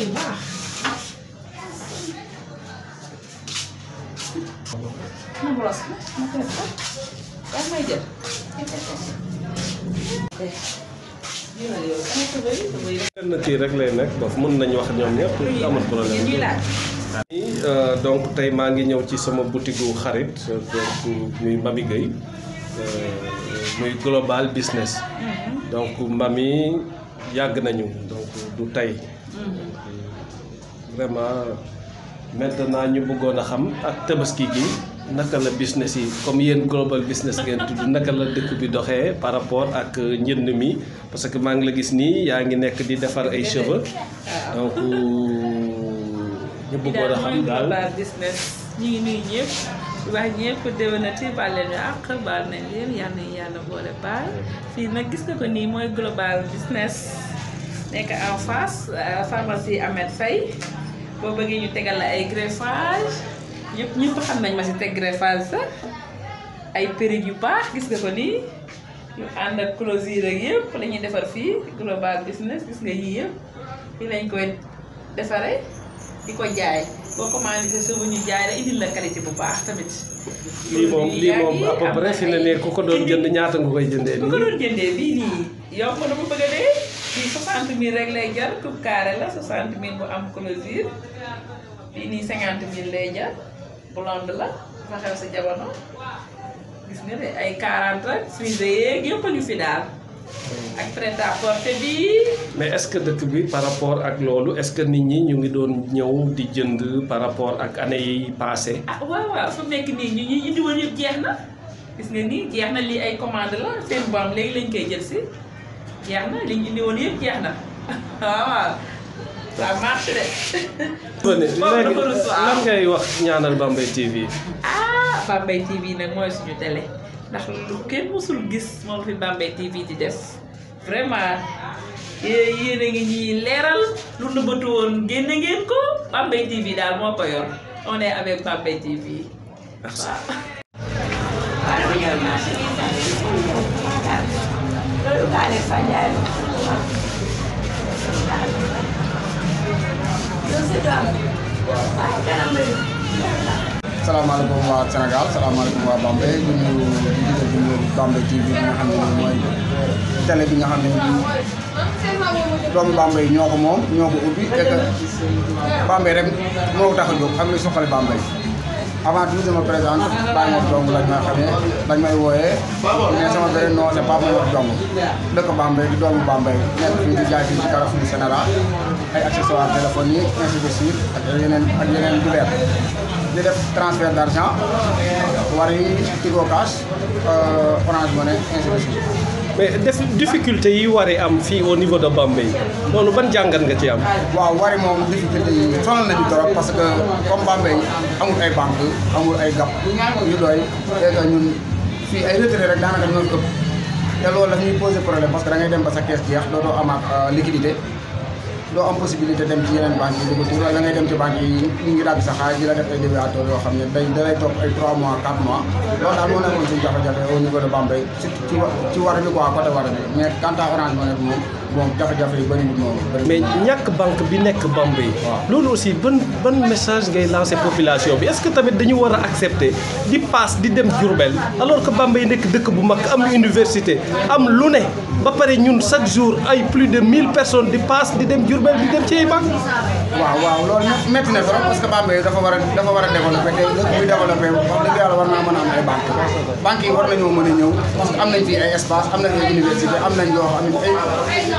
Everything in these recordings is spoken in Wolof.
Ui, wah. На волоски. На тесто. Как мы идем? kenn kii rek lay nekk boof mën nañ wax euh, donc tey sama Mami Gueye euh, muy global business mm-hmm. donc Mami yàgg Mm-hmm. vraiment naa ñu bëggoon a xam ak tabaski bi naka la business yi comme yéen global business ngeen tudd naka la dëkk bi doxee par rapport ak njënd mi parce que maa ngi la gis nii yaa ngi nekk di defar ay cheveux donc euh, ñu bëggoon a xam daal ñu ngi nuyu ñëpp wax ñëpp déwénati baal leen ñu àq baal nañ leen yàlla boole baal fii nag gis nga ko nii mooy global business nek en eh, face pharmacie Ahmed Fay bo beugé ñu tegal la ay greffage ñëpp ñëpp xam nañ ma ci teg greffage sa ay périg yu baax gis nga ko ni ñu and ak closure ak yépp la défar fi global business gis nga yi yépp fi lañ koy défaré diko jaay bo commandé sa ñu jaay la indi la qualité bu baax tamit. li mom li mom à peu près fi la né ko ko doon jënd ñaata nga koy jëndé ko doon jëndé bi ni yow ko dama bëgg a fii 60 000 rek lay jar coupe carré la 60 000 bu am closure li nii 50 000 lay jar blonde la fa xew sa jamono gis nga de ay 40 rek frisé yeeg yëpp fi daal. ak prêt à bi. mais est-ce que dëkk bi par rapport ak loolu est-ce que nit ñi ñu ngi doon ñëw di jënd par rapport ak année yi passé ah waaw waaw fu nekk nii ñu ñuy indi woon yëpp jeex na gis nga nii jeex na lii ay commande la seen boom léegi lañ koy jël si. jeex na li ñu indi woon yëpp jeex na ah, waaw. waaw marché de. léegi lan ngay wax ñaanal Bambey TV. ah Bambey TV nag mooy suñu télé ndax kenn mësul gis moom fi Bambey TV di def vraiment yéen a ngi ñuy leeral lu nëbbatu woon génne ngeen ko Bambey TV daal moo ko yor on est avec Bambey TV waaw. Yoga ni fanyalo salaamaaleykum waa Sénégal salaamaaleykum waa Bambey ñu ngi jiite di nuyu Bambey TV bi nga xam ne mooy télé bi ñoo ko moom ñoo ko ubbi et que rek moo ko tax a jóg ak lu soxal Bambey avant tout je me présente Baye Mor Ndong lañ may xamee dañ may wooyee mais sama beneen nom c'est Pape Mor Ndong dëkk Bambey di doomu Bambey nekk fii di jaay fii ci Carrefour Général ay accessoires téléphoniques ainsi de suite ak yeneen ak yeneen du leer di def transfert d'argent Wari Tigo Cash euh, Orange Money ainsi de suite mais def difficulté yi waré am fi au niveau de Bambey nonu ban jangane nga ci am. waaw waré mom difficulté yi sonal bi torop parce que comme Bambey amul ay banque amul ay gap yu doy te ñun fi ay retraité rek daanaka ñu ko te loolu la ñuy poser problème parce que da ngay dem ba sa kees jeex dootoo amaat euh, liquidité. doo am possibilité dem ci yeneen banque yi di ko tuur dem ci banque yi ñu ngi dagg sa xaalis di la def ay débiteur yoo xam ne day dalay topp ay 3 mois 4 mois loolu daal moo nekkoon suñu jafe-jafe au niveau de Bambey surtout ci ci war bi quoi côté war bi mais quant à Orange Money moom bon jafe-jafe yu bëri mais ñàkk banque bi nek Bambey. lolu aussi ban ban message ngay lancer population bi est-ce que tamit dañu wara accepter di passe di dem djourbel alors que Bambey nek deuk bu mak am université am lu ne ba paré ñun chaque jour ay plus de 1000 personnes di passe di dem djourbel di dem ci ay banque. waaw waaw lolu metti na trop parce que Bambey dafa wara dafa wara a développé te dëkk buy développé wax dëgg yàlla war naa mën am ay banques banques yi war nañoo mëna ñëw parce que am nañ fi ay espace am nañ université am nañ lo xam ay.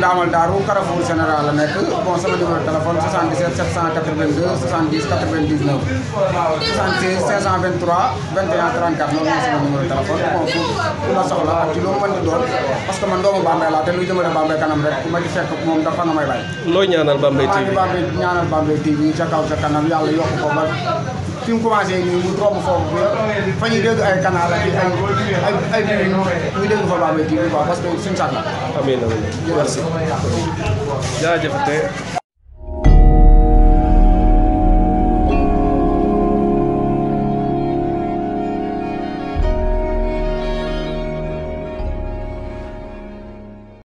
ndaamal daaru Carrefour général la nekk bon sama numéro téléphone 77 782 70 99 76 523 21 34 loolu mooy sama numéro téléphone bon ku ma soxla ak ci lu mu mën doon parce que man doomu Bambey laa te luy jëmale Bambey kanam rek ku fekk moom dafa na may bàyyi. looy ñaanal Bambey TV TV ca kaw yàlla yokk ko ba. fi mu commencé nii mu romb foofu bi fa ñuy dégg ay canal a ay ay ay muy dégg fa Bambey TV quoi parce que suñu sax la. amiin amiin merci jaajëf te